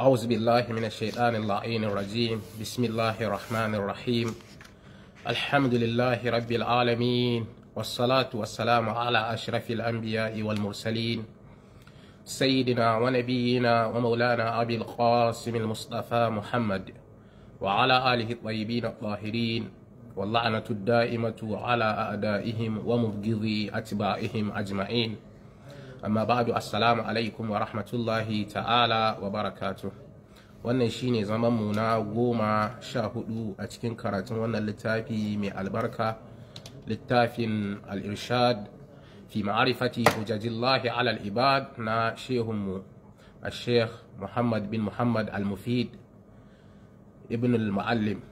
أعوذ بالله من الشيطان اللعين الرجيم بسم الله الرحمن الرحيم الحمد لله رب العالمين والصلاة والسلام على أشرف الأنبياء والمرسلين سيدنا ونبينا ومولانا أبي القاسم المصطفى محمد وعلى آله الطيبين الطاهرين واللعنة الدائمة على أعدائهم ومبغضي أتباعهم أجمعين amma ba'du assalamu alaikum wa rahmatullahi ta'ala wa barakatu wannan shine zaman mu na goma sha hudu a cikin karatun wannan littafi mai albarka littafin al-irshad fi ma'arifati hujajillahi ala al-ibad na shehunmu a sheikh muhammad bin muhammad al-mufid ibn al-muallim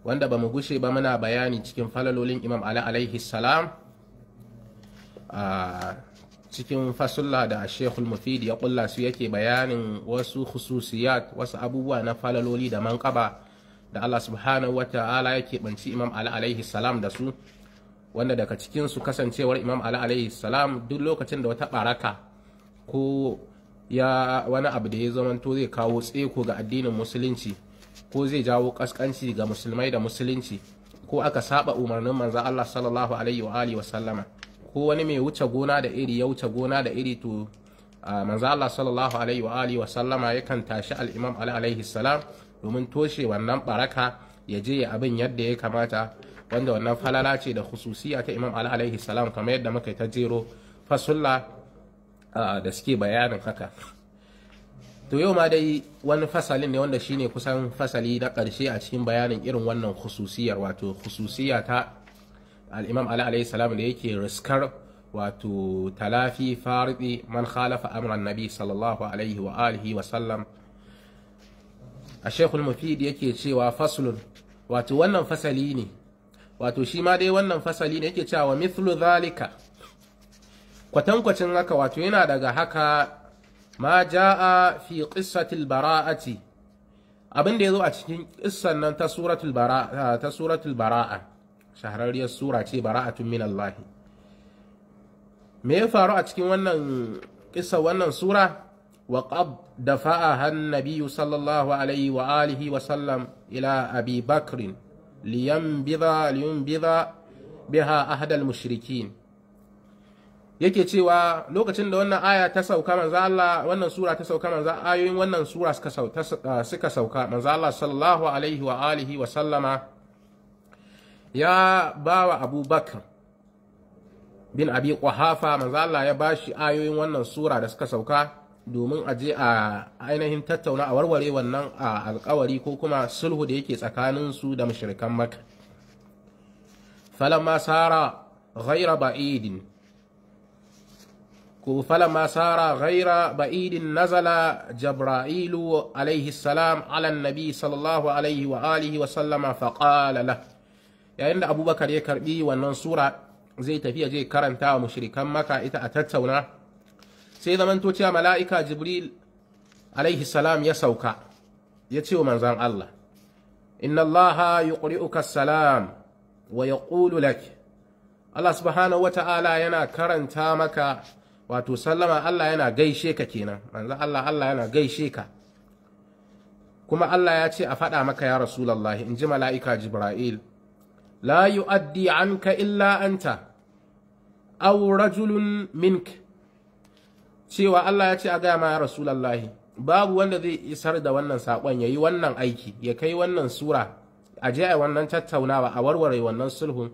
wanda ba mu gushe ba muna bayani cikin falalolin imam ala alaihi salam a cikin fasulla da shekul mufidi ya kulla su yake bayanin wasu khususiyat wasu abubuwa na falaloli da manƙaba da Allah subhanahu wa ta'ala yake banci imam ala alaihi salam da su wanda daga cikin su kasancewar imam ala alaihi salam duk lokacin da wata baraka ko ya wani abu da ya zamanto zai kawo tseko ga addinin musulunci ko zai jawo kaskanci ga musulmai da musulunci ko aka saba umarnin manzo Allah sallallahu alaihi wa alihi wa sallama ko wani mai wuce gona da iri ya wuce gona da iri to manzo Allah sallallahu alaihi wa alihi wa sallama yakan tashi al-Imam Ali alaihi salam domin toshe wannan baraka ya je ya abin yadda ya kamata wanda wannan falala ce da khususiya ta Imam Ali alaihi salam kamar yadda muka ta jero fasulla da suke bayanin haka to yau ma dai wani fasalin ne wanda shine kusan fasali na ƙarshe a cikin bayanin irin wannan hususiyar wato khususiya ta alimam ali alayhi salam da yake riskar wato talafi faridi man khalafa amran nabi sallallahu alaihi wa alihi wa sallam a shekul mufid yake cewa faslun wato wannan fasali ne wato shi ma dai wannan fasali ne yake cewa mithlu zalika kwatankwacin haka wato yana daga haka ma ja'a fi qissatil bara'ati abin da yazo a cikin kissan nan ta suratul bara'a ta suratul bara'a shahararriyar sura ce bara'atun min Allah me ya faru a cikin wannan kissa wannan sura wa qad dafa'a han nabiy sallallahu alaihi wa alihi wa sallam ila abi bakr liyanbidha liyanbidha biha ahad al-mushrikin yake cewa lokacin da wannan aya ta sauka manzo Allah wannan sura ta sauka manzo ayoyin wannan sura suka sauka suka sauka manzo Allah sallallahu alaihi wa alihi wa sallama ya bawa abubakar bin abi ƙwahafa manzo Allah ya bashi ayoyin wannan sura da suka sauka domin a je a ainihin tattauna a warware wannan a alkawari ko kuma sulhu da yake tsakanin su da mashirikan maka falamma sara ghaira ba'idin ko falamma sara ghaira ba'idin nazala jabra'ilu alaihi salam ala sallallahu alaihi wa alihi wa sallama faqala yayin da abubakar ya karbi wannan sura zai tafiya zai karanta wa mushrikan maka ita a tattauna sai zamanto cewa mala'ika jibril alaihi salam ya sauka ya ce wa manzan Allah inna Allah yuqri'uka salam wa yaqulu lak Allah subhanahu wata'ala yana karanta maka wato sallama Allah yana gaishe ka kenan manzan Allah Allah yana gaishe ka kuma Allah ya ce a faɗa maka ya Rasulallah in ji mala'ika Jibra'il لا يؤدي عنك إلا أنت أو رجل منك cewa Allah ya ce a gaya ma ya Rasulallahi babu wanda zai isar da wannan saƙon ya yi wannan aiki ya kai wannan sura a a wannan tattaunawa a warware wannan sulhun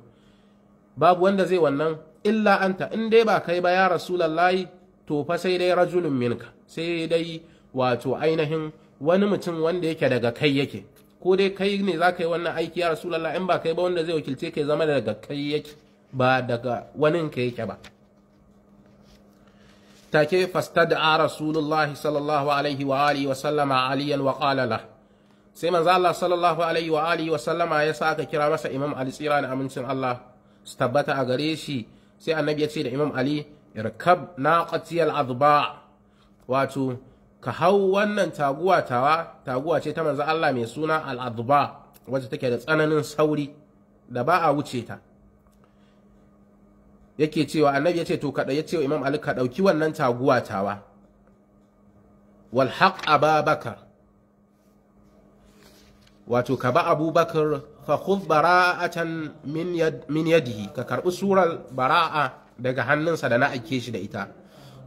babu wanda zai wannan illa anta in dai ba kai ba ya Rasulallahi to fa sai dai rajulun mink sai dai wato ainihin wani mutum wanda yake daga kai yake ko dai kai ne za ka yi wannan aiki ya rasulallah in ba kai ba wanda zai wakilce ka zama daga kai yake ba daga wani ka yake ba take fastad'a rasulullahi sallallahu alaihi wa alihi wa sallama aliyan wa qala sai manzo Allah sallallahu alaihi wa alihi wa sallama ya saka kira masa imam ali tsira da amincin Allah su tabbata a gare shi sai annabi ya ce da imam ali irkab naqatiyal adba wato ka hau wannan taguwa tawa taguwa ce ta manzo Allah mai suna al-adba wacce take da tsananin sauri da ba a wuce ta yake cewa annabi yace to kada yace imam ali ka dauki wannan taguwa tawa wal haq ababakar wato ka ba abubakar fa khudh bara'atan min yad min yadihi ka karbi surar bara'a daga hannunsa da na aike shi da ita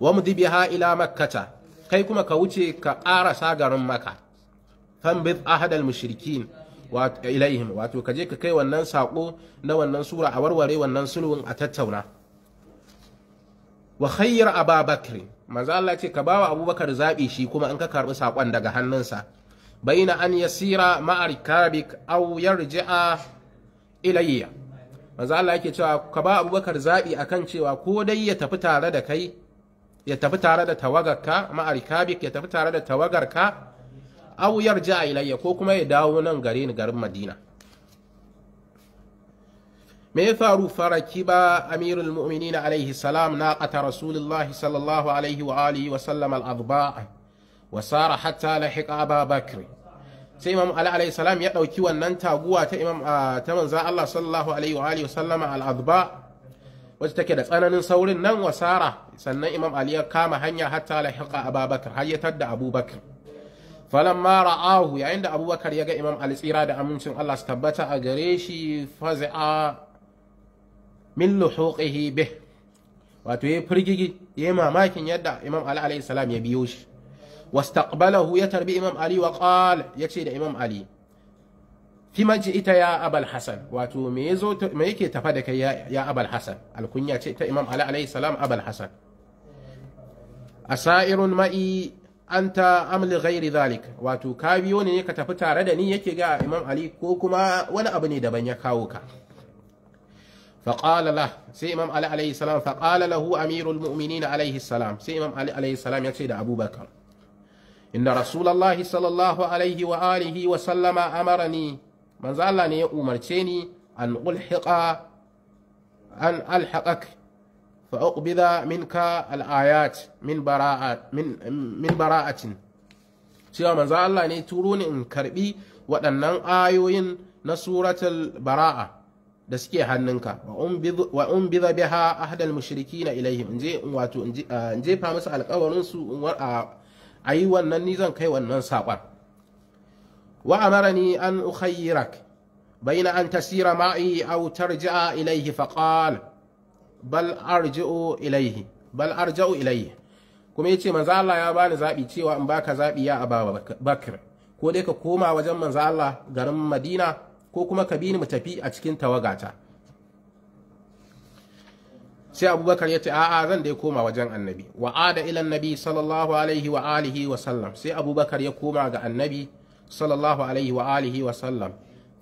wa mudbiha ila makkata kai kuma ka wuce ka ƙarasa garin maka tambit ahadal mushrikin ilaihim wato ka je ka kai wannan saƙo na wannan sura a warware wannan sulhun a tattauna wa khayyar ababakar manzo Allah ce ka bawa abubakar zaɓe shi kuma an ka karɓi saƙon daga hannunsa baina an yasira ma'ar kabik aw yarji'a ilayya manzo Allah yake cewa ka ba abubakar zaɓi akan cewa ko dai ya tafi tare da kai ya tafi tare da tawagarka ma'arikabik ya tafi tare da tawagarka aw yarja ilayya ko kuma ya dawo nan gare ni garin madina me ya faru faraki ba amirul mu'minin alaihi salam naqata rasulullah sallallahu alaihi wa alihi wa sallam al-adba wa sara hatta lahiqa aba bakr sai imam ali alaihi salam ya dauki wannan taguwa ta imam ta manzo Allah sallallahu alaihi wa alihi wa sallama al-adba wacce take da tsananin saurin nan wa sannan imam ali ya kama hanya hatta lahiqa ababakar har ya tadda abubakar falamma ra'ahu yayin da abubakar ya ga imam ali tsira da amincin Allah su tabbata a gare shi faza'a min luhuqihi bih wato ya firgigi ya mamakin yadda imam ali alayhi salam ya biyo shi wastaqbalahu ya tarbi imam ali wa qala yace da imam ali fi maji ita ya abal hasan wato me yazo me yake tafa da kai ya abal hasan alkunya ce ta imam ali alayhi salam abal hasan asa'irun ma'i anta amli ghairi zalik wato ka biyo ne ka tafi tare da ni yake ga imam ali ko kuma wani abu ne daban ya kawo ka فقال له sai امام علي عليه السلام فقال له امير المؤمنين عليه السلام سي امام علي عليه السلام يتي ده ابو بكر ان رسول الله صلى الله عليه واله وسلم ne ya umarce ni an ulhiqa an alhaqak fa uqbida minka al'ayat min bara'at min min bara'atin cewa manzo Allah ne turo ni in karɓi waɗannan ayoyin na suratul bara'a da suke hannunka wa un biza biha ahdal mushriki na ilaihim in je ah, in jefa musu alkawarin su ah, a yi wannan ni zan kai wannan saƙon wa amarani an ukhayyirak bayna an tasira ma'i aw tarji'a ilaihi faqala bal arji'u ilaihi bal arja'u ilaihi kuma yace manzo Allah ya bani zabi cewa in baka zabi ya Aba Bakr ko dai ka koma wajen manzo Allah garin Madina ko kuma ka bini mu tafi a cikin tawagata sai abubakar ya ce a'a zan dai koma wajen annabi wa ada ila annabi sallallahu alaihi wa alihi wa sallam sai abubakar ya koma ga annabi sallallahu alaihi wa alihi wa sallam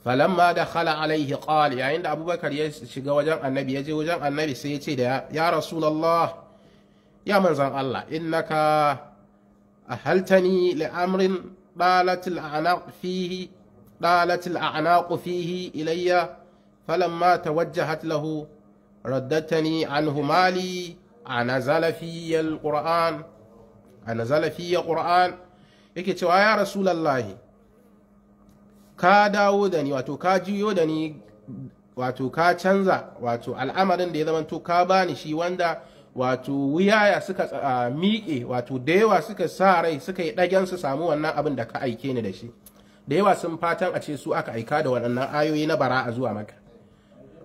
فلما دخل عليه قال يا عند أبو بكر يشجع وجان النبي يجي وجان النبي سيتي يا رسول الله يا منزل الله إنك أهلتني لأمر طالت الأعناق فيه طالت الأعناق فيه إلي فلما توجهت له ردتني عنه مالي أنزل في القرآن أنزل في القرآن يكتوى يا رسول الله ka dawo da ni wato ka jiyo da ni wato ka canza wato al'amarin da ya zama to ka bani shi wanda wato wuyaya suka miƙe wato da yawa suka sa rai suka yi ɗagen su samu wannan abin da ka aike ni da shi da yawa sun fatan a ce su aka aika da waɗannan ayoyi na bara'a zuwa maka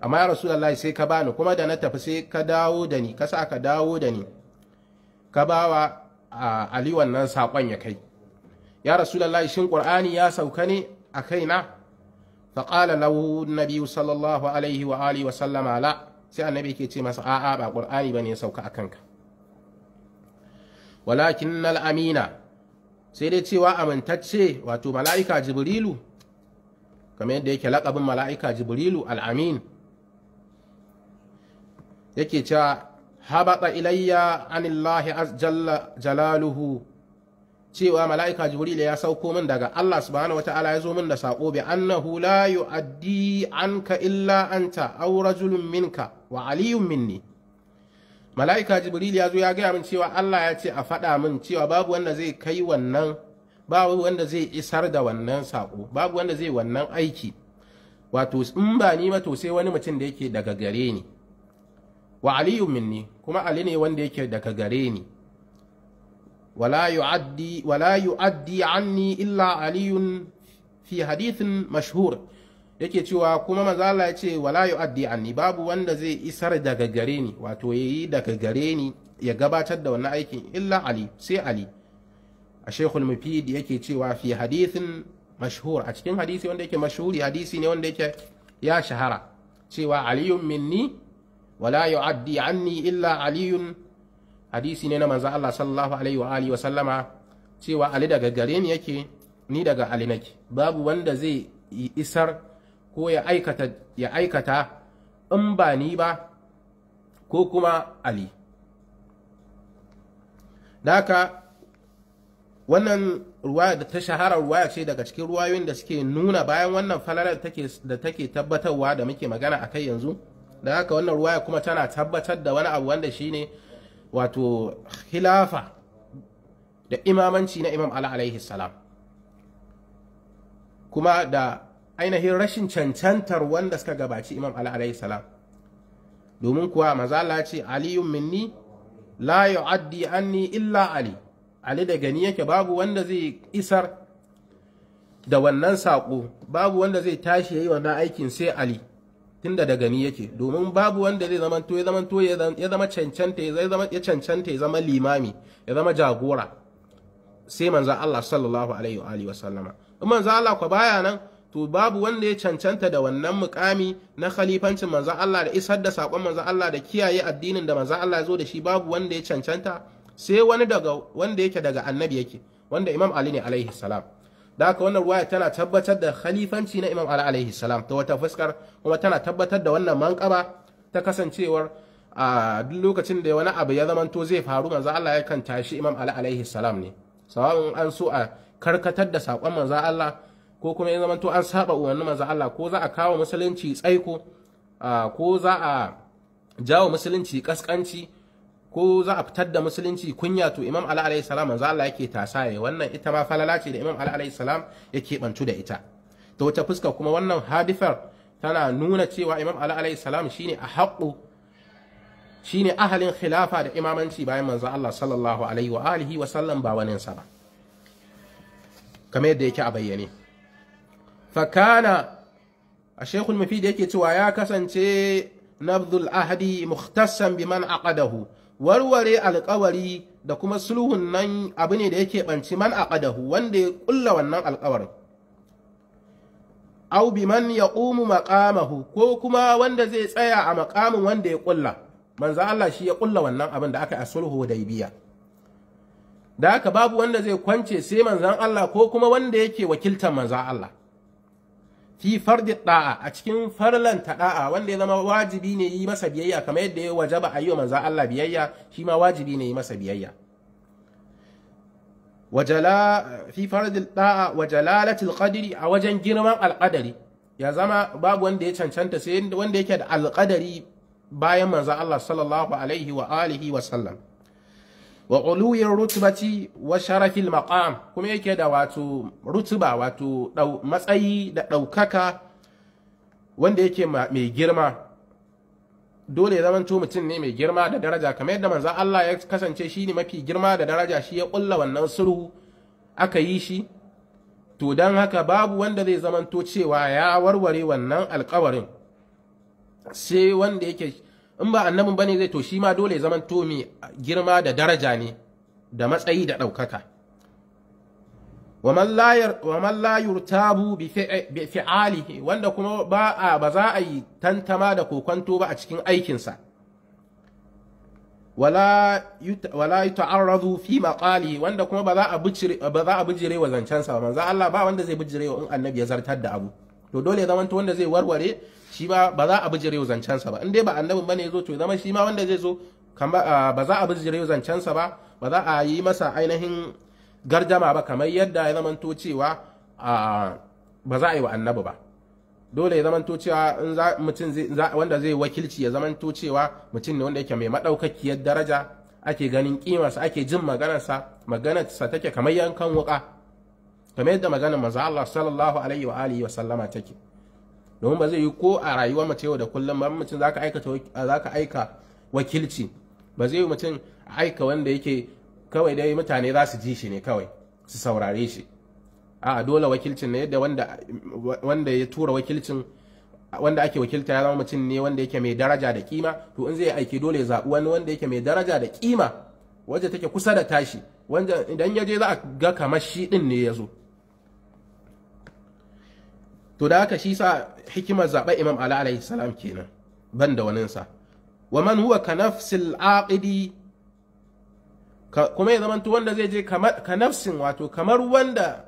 amma ya lallai sai ka bani kuma da na tafi sai ka dawo da ni ka sa ka dawo da ni ka bawa ali wannan saƙon ya kai ya lallai shin ƙur'ani ya sauka ne a kaina faƙala lahu nabi sallallahu alaihi wa wa sallama la sai annabi ke ce masa a'a ba ƙur'ani ba ne ya sauka a kanka walakin Nal'amina sai dai cewa amintacce wato mala'ika jibrilu kamar yadda yake lakabin mala'ika jibrilu al'amin yake cewa habaɗa ilayya anillahi jalaluhu cewa mala'ika jibril ya sauko min daga Allah subhanahu wataala ya zo min da sako bi annahu la yu'addi anka illa anta aw rajulun minka wa aliyun minni mala'ika jibril ya zo ya gaya min cewa Allah ya ce a faɗa min cewa babu wanda zai kai wannan babu wanda zai isar da wannan sako babu wanda zai wannan aiki wato in ba ni ba to sai wani mutum da yake daga gare ni wa aliyun minni kuma ali ne wanda yake daga gare ni ولا يعدي ولا يعدي عني إلا علي في حديث مشهور yake cewa kuma manzo Allah ya ce wala yu'addi anni babu wanda zai isar daga gare ni wato yayi daga gare ni ya gabatar da wannan aikin illa Ali sai Ali a Sheikhul Mufid yake cewa fi hadithin mashhur a cikin hadisi wanda yake mashhuri hadisi ne wanda yake ya shahara cewa aliyun minni wala yu'addi anni illa aliyun hadisi ne na manzo Allah sallallahu alaihi wa alihi wa sallama cewa ali daga gare ni yake ni daga ali nake babu wanda zai isar ko ya aikata ya aikata in ba ni ba ko kuma ali daka wannan ruwa da ta shahara ruwaya ce daga cikin ruwayoyin da suke nuna bayan wannan falalar da take tabbatarwa da muke magana akai yanzu da haka wannan ruwaya kuma tana tabbatar da wani abu wanda shine wato khilafa da imamanci na imam ala alaihi salam kuma da ainihin rashin cancantar wanda suka gabaci imam ala alaihi salam domin kuwa mazala ce aliyun minni la yu'addi anni illa ali ali da gani yake babu wanda zai isar da wannan saƙo babu wanda zai tashi yayi wannan aikin sai ali tunda daga ni yake domin babu wanda zai zama to ya zama to ya zama cancanta zama ya cancanta ya zama limami ya zama jagora sai manzon Allah sallallahu alaihi wa alihi wasallama in manzon Allah ko baya nan to babu wanda ya cancanta da wannan mukami na khalifancin manza Allah da isar da sakon manza Allah da kiyaye addinin da manzon Allah ya zo da shi babu wanda ya cancanta sai wani daga wanda yake daga annabi yake wanda Imam Ali ne alaihi salam da haka wannan ruwaya tana tabbatar da khalifanci na Imam Ali alaihi salam ta wata fuskar kuma tana tabbatar da wannan manƙaba ta kasancewar a duk lokacin da wani abu ya zamanto zai faru manzo Allah ya kan tashi Imam Ali alaihi salam ne sawa'un an so a karkatar da saƙon manzo Allah ko kuma ya zamanto an saba umarnin manzo Allah ko za a kawo musulunci tsaiko ko za a jawo musulunci kaskanci ko za a fitar da musulunci kunya to imam ali alayhi salam manzo Allah yake tasaye wannan ita ma falala ce da imam ala alayhi salam yake bantu da ita ta wata fuska kuma wannan hadifar tana nuna cewa imam ali alayhi salam shine a haƙu shine ahalin khilafa da imamanci bayan manzo Allah sallallahu alaihi wa alihi wa sallam ba wani sa ba kamar yadda yake a bayyane fa kana a shekul mafid yake cewa ya kasance nabdul ahadi mukhtassan biman aqadahu warware alkawari da kuma sulhun nan abu ne da yake banci man aqadahu wanda ya ƙulla wannan alkawarin au ya yaqumu maqamahu ko kuma wanda zai tsaya a maqamin wanda ya kulla manzo Allah shi ya kulla wannan abin da aka yi a sulhu biya. da haka babu wanda zai kwance sai manzan Allah ko kuma wanda yake wakiltar manzan Allah fi fardi da'a a cikin farlanta da'a wanda ya zama wajibi ne yi masa biyayya kamar yadda ya wajaba a yi wa manzan Allah biyayya shi ma wajibi ne yi masa biyayya wajala fi fardi da'a wa jalalatul qadri a wajen girman alqadari ya zama babu wanda ya cancanta sai wanda yake da alqadari bayan manzan Allah sallallahu alaihi wa alihi wa sallam wa rutubaci rutubati wa sharafil maqam kuma yake da wato rutuba wato matsayi da ɗaukaka wanda yake mai girma dole ya zamanto mutum ne mai girma da daraja kamar yadda manzo Allah ya kasance shi ne mafi girma da daraja shi ya ƙulla wannan sulhu aka yi shi to don haka babu wanda zai zamanto cewa ya warware wannan alkawarin sai wanda yake in ba annabin bane zai to shi ma dole zaman to mai girma da daraja ne da matsayi da ɗaukaka wa man la yurtabu bi fi'alihi wanda kuma ba a ba za a yi tantama da kokonto ba a cikin aikinsa wala ta'arrazu fi maƙali wanda kuma ba za a bijire ba wa zancensa ba manzo Allah ba wanda zai bijire wa in annabi ya zartar da abu to dole zamanta wanda zai warware shi ba ba za a bi bijire zancensa ba in dai ba annabin bane zo to zama shi ma wanda zai zo ah, ba za a bijire zancensa ba ba za a yi masa ainihin garjama ba kamar yadda ya to cewa ah, ba za a yi wa annabi ba dole ya to cewa in mutum wanda zai wakilci ya to cewa mutum ne wanda yake mai madaukakiyar daraja ake ganin kimarsa ake jin maganarsa maganarsa take kamar yankan wuka kamar yadda maganar maza Allah sallallahu alaihi wa alihi wa sallama take domin ba zai yi ko a rayuwa mace yau da kullum ba mutum zaka aika aika wakilci ba zai yi mutum aika wanda yake kawai dai mutane za su ji shi ne kawai su saurare shi a dole wakilcin ne yadda wanda ya tura wakilcin wanda ake wakilta ya zama mutum ne wanda yake mai daraja da kima to in zai aiki dole ya zaɓi wani wanda yake mai daraja da kima wanda take kusa da tashi wanda idan ya je za a ga kamar shi din ne ya zo to da haka shi sa hikimar zaɓen imam ala alayhi salam kenan ban da waninsa wa man huwa ka nafsil aqidi kuma ya zamanto wanda zai je ka nafsin wato kamar wanda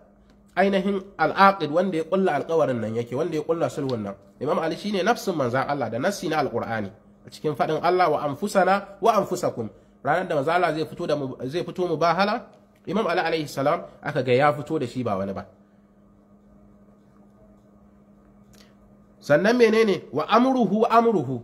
ainihin al'aqid wanda ya kulla alƙawarin nan yake wanda ya kulla sulhun nan imam ali shine nafsin manzan Allah da nassi na alqur'ani a cikin fadin Allah wa anfusana wa anfusakum ranar da manzan Allah zai fito da zai fito mubahala imam ali alayhi salam aka ga ya fito da shi ba wani ba sannan menene wa amruhu amruhu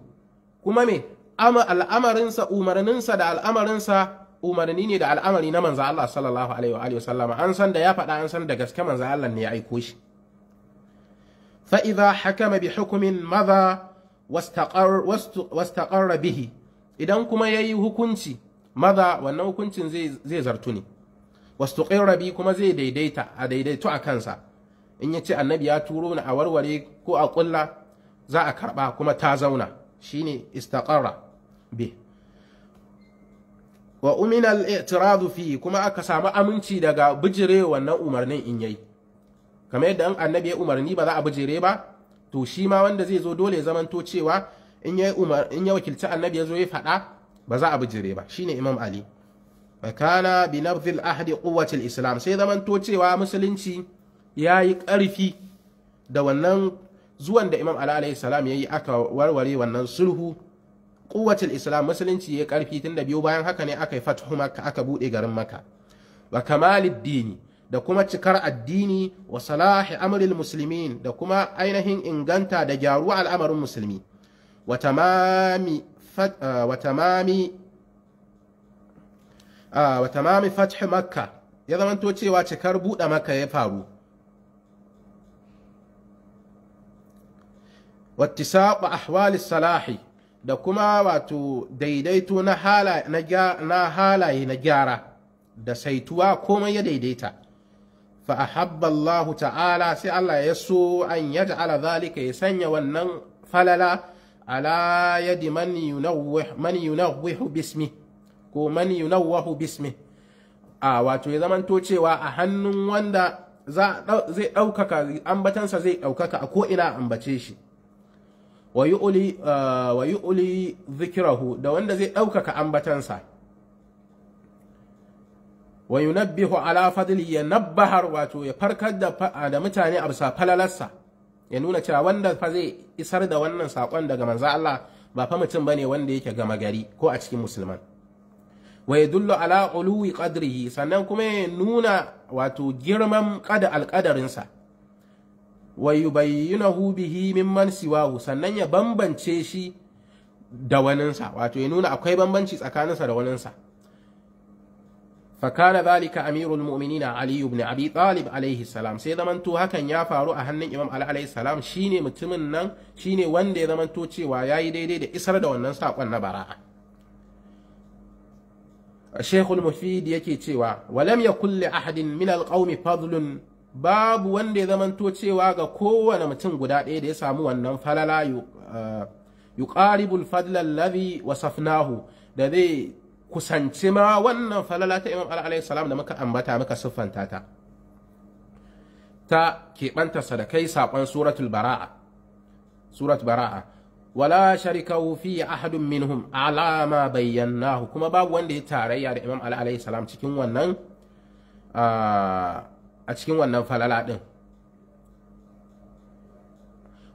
kuma me ama al'amarinsa umarninsa da al'amarinsa umarni ne da al'amari na manzo Allah sallallahu alaihi wa alihi an san da ya faɗa an san da gaske manzo Allah ne ya aiko shi fa idza hakama bi hukmin madha wastaqar bihi idan kuma yayi hukunci madha wannan hukuncin zai zai zartu ne wastuqirra bi kuma zai daidaita a daidaito a kansa in ya ce annabi ya turo ni a warware ko a ƙulla za a karɓa kuma ta zauna shine istaqarra bi wa umina itiradu fi kuma aka samu aminci daga bijire wannan umarnin in yayi kamar yadda an annabi ya umarni ba za a bijire ba to shi ma wanda zai zo dole ya zamanto cewa in ya umar in ya wakilci annabi ya zo ya faɗa ba za a bijire ba shine imam ali wa kana bi nabdhil ahdi quwwati islam sai zamanto cewa musulunci ya yi ƙarfi da wannan zuwan da imam ala alaihi salam ya yi aka warware wannan sulhu ƙuwacin islam musulunci ya ƙarfi tun da biyu bayan haka ne aka yi fathu maka aka buɗe garin maka. wa kamalid dini da kuma cikar addini wa salahi amril muslimin da kuma ainihin inganta da gyaruwa al'amarin musulmi wa tamami ah, wa ah, ya zamanto cewa cikar buɗe maka ya faru wattisaɓa ahwali salahi da kuma wato daidaito na halaye na gyara da saituwa komai ya daidaita fa ahabba Allah ta'ala sai Allah ya so an ala zalika ya sanya wannan falala ala yadi man yunawwihu bismi ko man yunawwahu bismi a wato ya zamanto cewa a hannun wanda zai ɗaukaka ambatansa zai ɗaukaka a ko ina ambace shi wa yi uli zikirahu uh, da wanda zai ɗaukaka ambatansa wa yunabbihu ala fadli ya nabbahar wato ya farkar da mutane a bisa falalarsa ya nuna cewa wanda fa zai isar da wannan saƙon daga manza Allah ba fa mutum ba ne wanda yake gama gari ko a cikin musulman wa dullo ala uluwi qadrihi sannan kuma ya nuna wato girman ƙada alƙadarinsa. wa yubayyinahu bihi mimman siwahu sannan ya bambance shi da waninsa wato ya nuna akwai bambanci tsakaninsa da waninsa fakana zalika amirul mu'minina ali ibn abi talib alaihi salam sai zamanto hakan ya faru a hannun imam ali alaihi salam shine mutumin nan shine wanda ya zamanto cewa yayi daidai da isar da wannan sakon na bara'a shaykhul mufid yake cewa walam ya kulle ahadin min alqawmi fadlun babu wanda ya zamanto cewa ga kowane mutum guda ɗaya da ya samu wannan falala uh, yuqaribul fadlan alladhi wasafnahu da zai kusanci ma wannan falala ta Imam alayhi salam da muka ambata muka siffanta ta ta keɓanta sadakai saƙon suratul bara'a surat bara'a wala sharikahu fi ahadun minhum alama bayyanahu kuma babu wanda ya tarayya da Imam Ali alayhi salam cikin wannan uh, a cikin wannan falala ɗin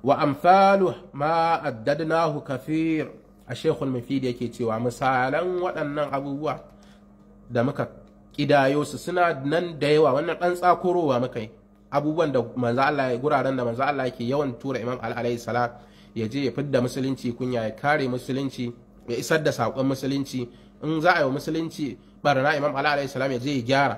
wa amfalu ma addadnahu kafir a shekul mafid yake cewa misalan waɗannan abubuwa da muka ƙidayo su suna nan da yawa wannan ɗan tsakurowa muka yi abubuwan da manzo Allah guraren da manzo Allah yake yawan tura Imam Ali salam ya je ya fidda musulunci kunya ya kare musulunci ya isar da saƙon musulunci in za a yi musulunci barna Imam Ali salam ya je ya gyara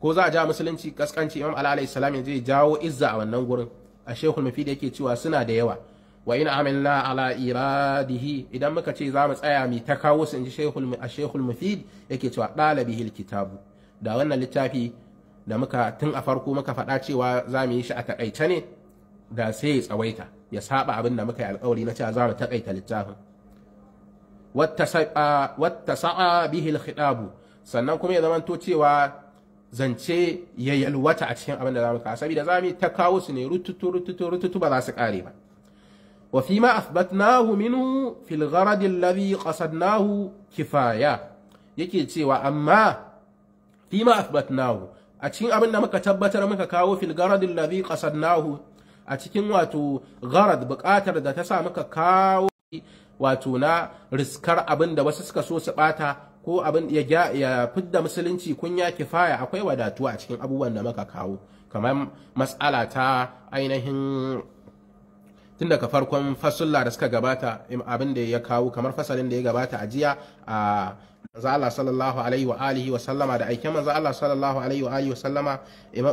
ko za a ja musulunci kaskanci imam ala alayhi salam ya je jawo izza a wannan gurin a shehul mafid yake cewa suna da yawa wa in amilna ala iradihi idan muka ce za mu tsaya mai ta kawo su inji shehul a shehul mafid yake cewa dalabihi alkitabu da wannan littafi da muka tun a farko muka faɗa cewa za mu yi shi a takaice ne da sai ya tsawaita ya saba abin da muka yi alkawari na cewa za mu takaita littafin sa'a bihi alkhitabu sannan kuma ya zamanto cewa zance ya yalwata a cikin abin da za mu kawo saboda za mu ta kawo su ne rututu rututu rututu ba za su kare ba wa fi ma athbatnahu minhu fil gharad alladhi qasadnahu kifaya yake cewa amma fi ma athbatnahu a cikin abin da muka tabbatar muka kawo fil gharad alladhi qasadnahu a cikin wato gharad buƙatar da ta sa muka kawo wato na riskar abin da wasu suka so su bata ko abin ya ya fidda musulunci kunya kifaya akwai wadatuwa a cikin abubuwan da muka kawo kamar matsala ta ainihin tun daga farkon fasulla da suka gabata abin da ya kawo kamar fasalin da ya gabata a jiya a manzo Allah sallallahu alaihi wa alihi wa sallama da aiken manzo Allah sallallahu alaihi wa alihi wa sallama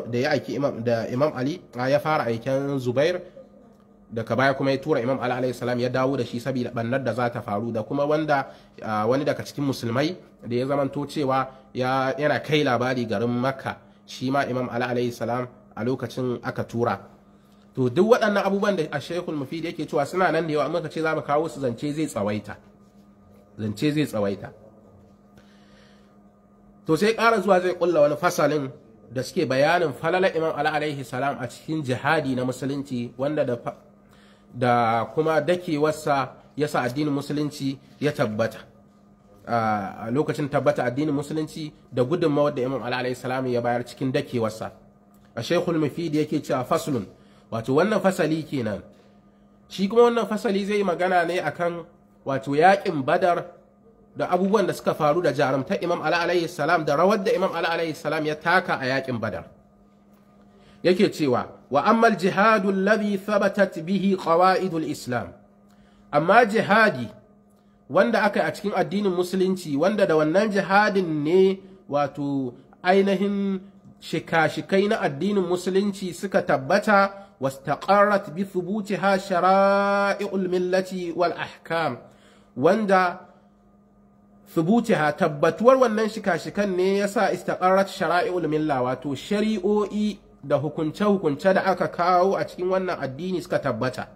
da ya aiki imam da imam Ali ya fara aiken Zubair daga baya kuma ya tura imam ala alayhi salam ya dawo da shi saboda bannar da za ta faru da kuma wanda wani daga cikin musulmai da ya zamanto cewa yana kai labari garin makka shi ma imam ala alayhi salam a lokacin aka tura to duk waɗannan abubuwan da ashekul mufid yake cewa suna nan da yawa amma ce za mu kawo su zance zai tsawaita zance zai tsawaita to sai ƙara zuwa zai ƙulla wani fasalin da suke bayanin falala imam ala alaihi salam a cikin jihadi na musulunci wanda da da kuma dakewarsa ya sa addinin musulunci ya tabbata a lokacin tabbata addinin musulunci da gudunmawar da imam alaihi salam ya bayar cikin dakewarsa a shaikhul mufid yake cewa faslun wato wannan fasali kenan shi kuma wannan fasali zai magana ne akan wato yaƙin badar da abubuwan da suka faru da jarumta imam alaihi salam da rawar da imam alaihi salam ya taka a yaƙin badar yake cewa wa ammal jihadu alladhi sabatat bihi qawaidul islam amma jihadi wanda aka a cikin addinin musulunci wanda da wannan jihadin ne wato ainihin shika-shikai na addinin musulunci suka tabbata wastaqarrat bi thubutiha shara'i'ul millati wal ahkam wanda thubutiha tabbatuwar wannan shika-shikan ne yasa istaqarrat shara'i'ul milla wato shari'o'i da hukunce-hukunce da aka kawo a cikin wannan addini suka tabbata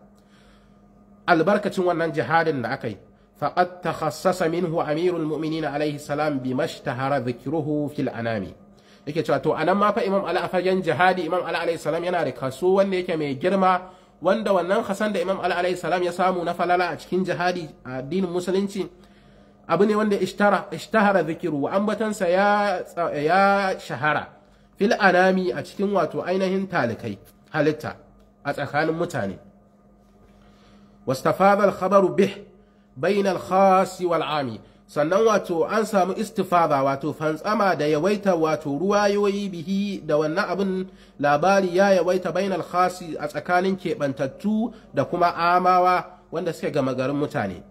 albarkacin wannan jihadin da aka yi faqad takhassasa minhu amirul mu'minin alaihi salam bimashtahara dhikruhu fil anami yake cewa to anan ma fa imam ala a jihadi imam ala salam yana da kaso wanda yake mai girma wanda wannan hasan da imam ala salam ya samu na falala a cikin jihadi a addinin musulunci abu ne wanda ishtara ishtahara dhikru ambatansa ya ya shahara fil anami a cikin wato ainihin talikai halitta a tsakanin mutane wastafada al-khabaru bih bayna al-khas wal ami sannan wato an samu istifada wato fantsama da yawaita wato ruwayoyi bihi da wannan abin labari ya yawaita bainal khasi a tsakanin keɓantattu da kuma amawa wanda suke gama garin mutane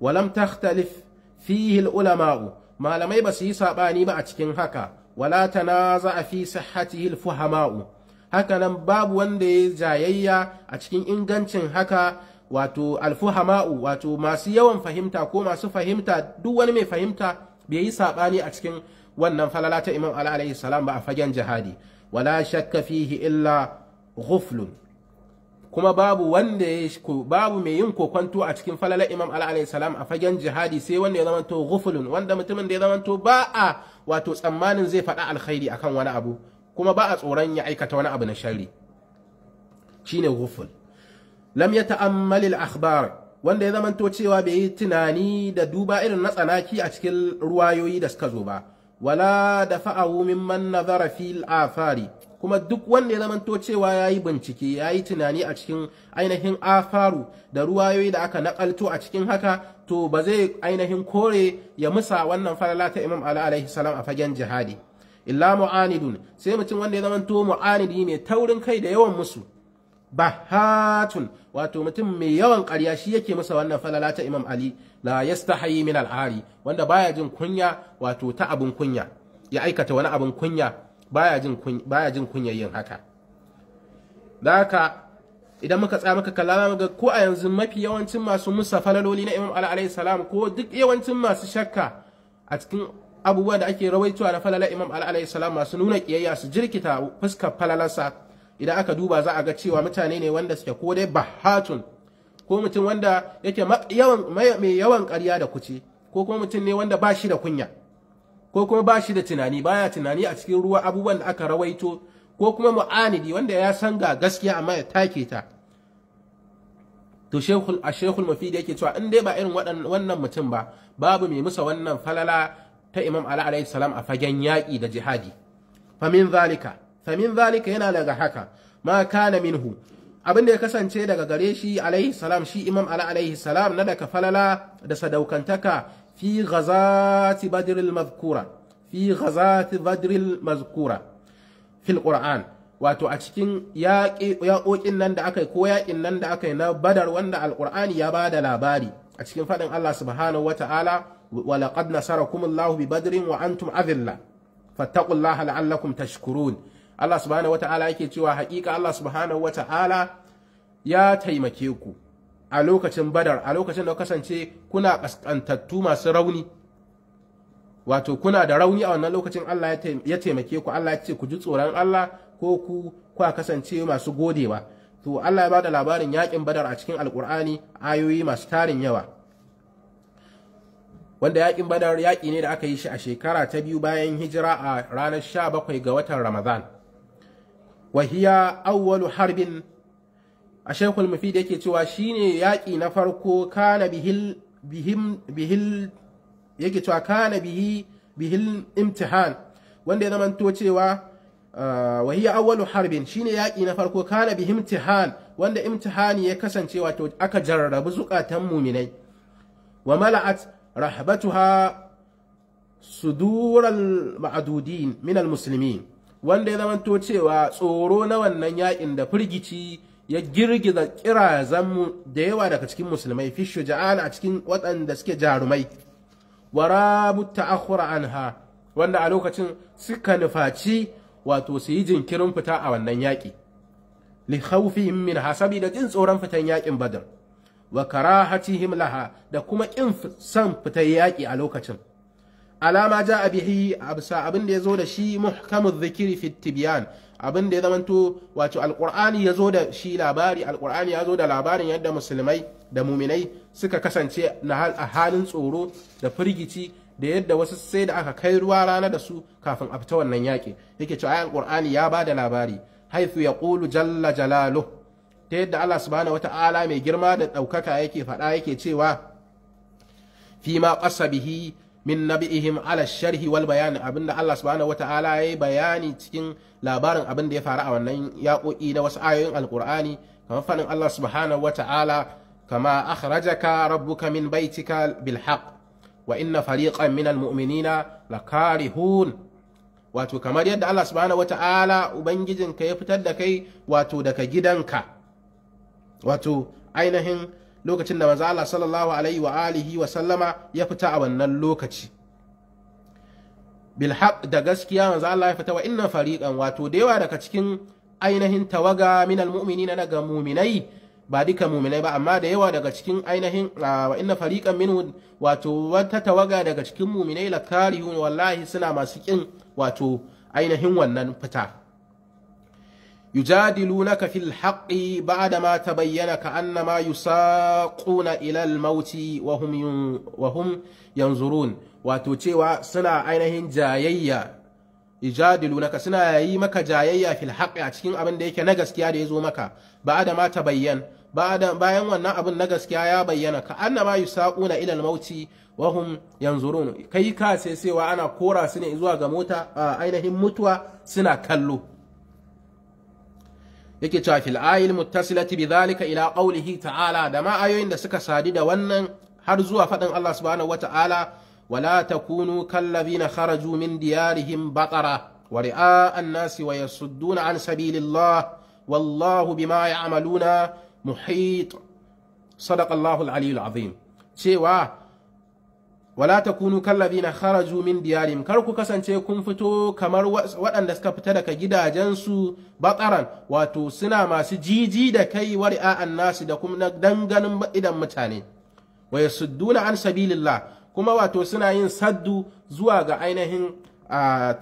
walam takhtalif fihi ulama'u malamai ba su yi saɓani ba a cikin haka wala tanaza fi sihhatihi al-fuhama'u hakanan babu wanda ya jayayya a cikin ingancin haka wato alfuhama'u wato masu yawan fahimta ko masu fahimta duk wani mai fahimta bai yi saɓani a cikin wannan falala ta imam alaihi salam ba a fagen jihadi wala shakka fihi illa ghuflun kuma babu wanda ya babu mai yin kokwanto a cikin falalar imam ala salam a fagen jihadi sai wanda ya zamanto ghufulun wanda mutumin da ya zamanto ba a wato tsammanin zai faɗa alkhairi akan wani abu kuma ba a tsoron ya aikata wani abu na sharri shine ghuful lam yata'ammal al-akhbar wanda ya zamanto cewa bai yi tunani da duba irin na tsanaki a cikin ruwayoyi da suka zo ba wala da fa'ahu mimman nazara fil afari kuma duk wanda ya zamanto cewa ya yi bincike ya yi tunani a cikin ainihin afaru da ruwayoyi da aka nakalto a cikin haka to ba zai ainihin kore ya musa wannan falala ta Imam Ali alaihi salam a fagen jihadi illa mu'anidun sai mutum wanda ya zama zamanto mu'anidi mai taurin kai da yawan musu bahatun wato mutum mai yawan ƙarya shi yake masa wannan falala ta Imam Ali la yastahi min al'ari wanda baya jin kunya wato ta abin kunya ya aikata wani abin kunya baya jin kunya baya jin yin haka daka idan muka tsaya muka kalla mu ga ko a yanzu mafi yawancin masu musa falaloli na Imam Ali alayhi salam ko duk yawancin masu shakka a cikin abubuwa da ake rawaitowa na falala Imam Ali alayhi salam masu nuna kiyayya su jirkita fuskar falalarsa idan aka duba za a ga cewa mutane ne wanda suke ko dai bahatun ko mutum wanda yake mai yawan karya da kuce ko kuma mutum ne wanda ba shi da kunya ko kuma ba shi da tunani baya tunani a cikin ruwa abubuwan da aka rawaito ko kuma mu'anidi wanda ya san ga gaskiya amma ya take ta to shekul a shekul mafidi yake cewa in dai ba irin wannan mutum ba babu mai musa wannan falala ta imam ala alayhi salam a fagen yaƙi da jihadi famin zalika famin zalika yana daga haka ma kana minhu abin da ya kasance daga gare shi alaihi salam shi imam ala alaihi salam na daga falala da sadaukantaka fi ghazati badril mazkura fi ghazati mazkura fil qur'an wato a cikin yaƙoƙin nan da aka yi ko yaƙin nan da aka yi na badar wanda alƙur'ani ya ba da labari a cikin faɗin Allah subhanahu wata'ala wa laqad nasarakumullahu bi badrin wa antum azilla fattaqullaha la'allakum tashkurun Allah subhanahu wata'ala yake cewa haƙiƙa Allah subhanahu wata'ala ya taimake ku a lokacin badar a lokacin da kasance kuna kaskantattu masu rauni wato kuna da rauni a wannan lokacin Allah ya taimake ku Allah ya ce ku ji tsoron Allah ko ku kwa kasance masu godewa to Allah ya bada labarin yakin badar a cikin alkur'ani ayoyi masu tarin yawa wanda yakin badar yaki ne da aka yi shi a shekara ta biyu bayan hijira a ranar 17 ga watan Ramadan wa hiya awwalu harbin a shekul mufid yake cewa shine yaƙi na farko kana bihil bihim bihil yake cewa kana bihi bihil imtihan wanda ya zamanto cewa ah, wa hiya awwalu harbin shine yaƙi na farko kana bihi imtihan wanda imtihani ya kasance wato aka jarrabu zukatan muminai wa mala'at rahbatuha sudural ma'dudin min al-muslimin wanda ya zamanto cewa tsoro na wannan yakin da firgici ya girgiza kirazan da yawa daga cikin musulmai fi shuja'an a cikin waɗanda suke jarumai warabu an anha wanda a lokacin suka nufaci wato su yi jinkirin fita a wannan yaƙi li khawfihim min hasabi da jin tsoron fitan yaƙin badar wa karahatihim laha da kuma kin son fitan yaƙi a lokacin alama ja a bihi absa abin da ya zo da shi muhkamu zikiri fiti tibiyan abin da ya zamanto wato alkur'ani ya zo da shi labari alkur'ani ya zo da labarin yadda musulmai da muminai suka kasance na halin tsoro da firgici da yadda wasu sai da aka kai ruwa rana da su kafin a fita wannan yaƙi yake cewa qur'ani ya ba da labari haifu ya ƙulu jalla jalalu ta yadda Allah wata ala mai girma da ɗaukaka yake faɗa yake cewa fi ma ƙasa bihi min nabi'ihim ala sharhi wal bayani abinda Allah subhanahu wata'ala ya yi bayani cikin labarin abin da ya faru a wannan yaƙo'i na wasu ayoyin alƙur'ani kamar faɗin Allah subhanahu wata'ala kama akhrajaka rabbuka min baitika bil haqq wa inna fariqan min al mu'minina lakarihun wato kamar yadda Allah subhanahu wata'ala ubangijinka ya fitar da kai wato daga gidanka wato ainihin lokacin da manzo Allah sallallahu alaihi wa alihi wa sallama ya fita a wannan lokaci bil haq da gaskiya manzo Allah ya fita wa inna fariqan wato da yawa daga cikin ainihin tawaga minal mu'minina na ga mu'minai ba duka mu'minai ba amma da yawa daga cikin ainihin wa inna fariqan min wato wata tawaga daga cikin mu'minai la karihun wallahi suna masu kin wato ainihin wannan fita yujadilunaka fil haqqi ba'da ma tabayyana ka annama yusaquna ila al mauti wa hum wa wato cewa suna ainihin jayayya yujadilunaka suna yi maka jayayya fil haqqi a cikin abin da yake na gaskiya da yazo maka ba'da ma tabayyana bayan wannan abin na gaskiya ya bayyana ka annama yusaquna ila al-mauti kai ka ana kora su ne zuwa ga mota ainihin mutuwa suna kallo yake cewa fil ayil muttasilati bidhalika ila qawlihi ta'ala da ma ayoyin da suka sadi da wannan har zuwa faɗin Allah subhanahu wata'ala wala takunu kallazina kharaju min diyarihim batara wa ri'a an-nasi wa yasudduna an sabilillah wallahu bima ya'maluna muhit sadaqa Allahu al-aliyyul azim cewa wala takunu kallabina kharaju min diyarim kar ku kasance kun fito kamar waɗanda suka fita daga gidajensu batsaran wato suna masu jiji da kai wari'a'an nasu da kuma danganin idan mutane wa yasudduna an sabilillah kuma wato suna yin saddu zuwa ga ainihin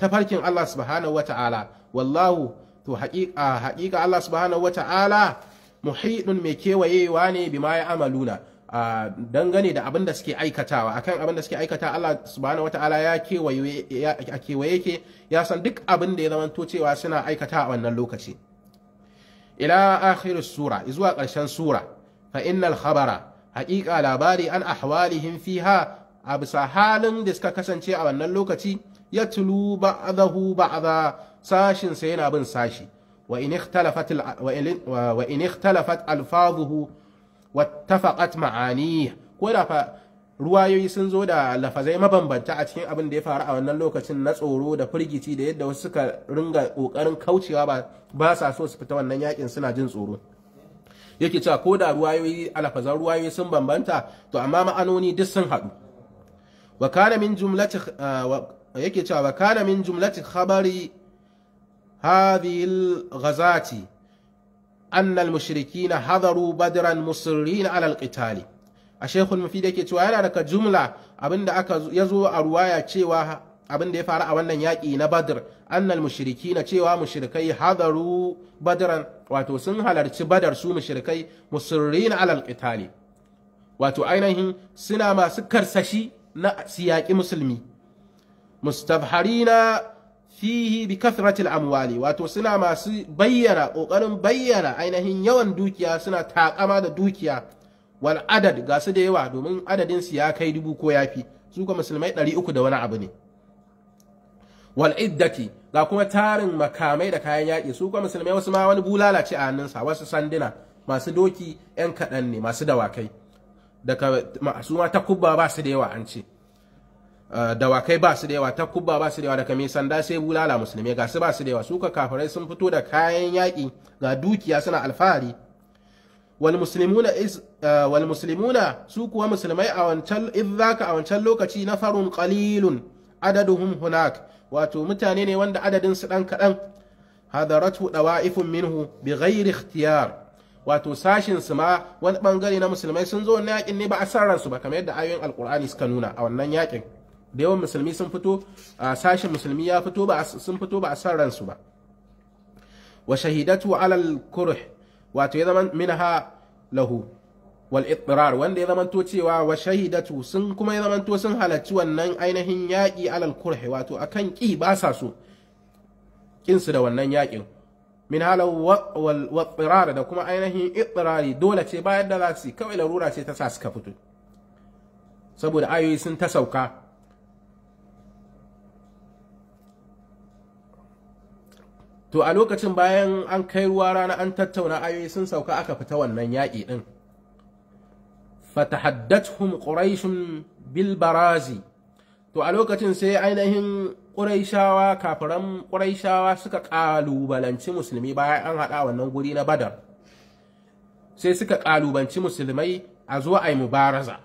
tafarkin Allah subhanahu wata'ala wallahu to haƙiƙa Allah subhanahu wata'ala muhidun mai kewayewa ne bima ya amaluna dangane da abin da suke aikatawa akan abin da suke aikata Allah subhanahu wataala ya waye ya waye ke ya san duk abin da ya to cewa suna aikata a wannan lokaci ila akhir sura zuwa ƙarshen sura fa innal khabara haqiqa labari an ahwalihim fiha a halin da suka kasance a wannan lokaci ya tulu ba'dahu ba'da sashin sai yana bin sashi wa in ikhtalafat wa in ikhtalafat alfazuhu wattafaqat ma'ani ko da fa ruwayoyi sun zo da lafazai mabambanta a cikin abin da ya faru a wannan lokacin na tsoro da firgici da yadda wasu suka ringa kokarin kaucewa ba ba sa so su fita wannan yakin suna jin tsoro yake cewa ko da ruwayoyi a lafazan ruwayoyi sun bambanta to amma ma'anoni duk sun haɗu wa kana min jumlati ah, yake cewa wa kana min jumlati khabari hadhihi al-ghazati annan annal mushrikina hadaru badran musirrin alal qitali a shekul mufid yake cewa yana daga jumla abinda aka a ruwaya cewa abin da ya faru a wannan yaki na badr annal mushriki na cewa mushrikai hadaru badran wato sun halarci badar su mushrikai musurrin alal qitali wato ainihin suna masu karsashi na siyaƙi musulmi na. fihi bi kathratil amwali wato suna masu bayyana kokarin bayyana ainihin yawan dukiya suna takama da dukiya wal adad ga su da yawa domin adadin su ya kai dubu ko yafi su ga musulmai 300 da wani abu ne wal iddati ga kuma tarin makamai da kayan yaƙi su ko musulmai wasu ma wani bulala ce a hannunsa wasu sanduna masu doki 'yan kaɗan ne masu dawakai daga masu ma takubba ba su da yawa an ce Eh, dawakai ba su da yawa takubba ba su da yawa daga mai sanda sai bulala musulmi ga su ba su da yawa suka kafirai sun fito da kayan yaƙi ga dukiya suna alfahari wal muslimuna eh, su kuwa musulmai a wancan idzaka a wancan lokaci na farun qalilun adaduhum hunak wato mutane ne wanda adadin su dan kadan hadaratu dawa'ifun minhu bi ghairi ikhtiyar wato sashin su ma wani bangare na musulmai sun zo wannan yakin ne ba a san ransu ba kamar yadda ayoyin alqur'ani suka nuna a wannan yakin da yawan musulmi sun fito a sashen musulmi ya fito ba sun fito ba a san ransu ba wa shahidatu alal kurh wato ya zama minha lahu wal ittirar wanda ya to cewa wa shahidatu sun kuma ya zamanto sun halarci wannan ainihin yaƙi alal kurh wato akan ƙi ba sa so ƙinsu da wannan yaƙin min halar da kuma ainihin ittirari dole ce bayan da za su kawai larura ce ta sa suka fito saboda ayoyi sun ta sauka to a lokacin bayan an kai ruwa rana an tattauna ayoyi sun sauka aka fita wannan yaƙi ɗin fatahaddathum quraishun bilbarazi to a lokacin sai ainihin ƙuraishawa kafiran ƙuraishawa suka ƙalubalanci musulmi bayan an haɗa wannan guri na badar sai suka ƙalubanci musulmai a zuwa ai mubaraza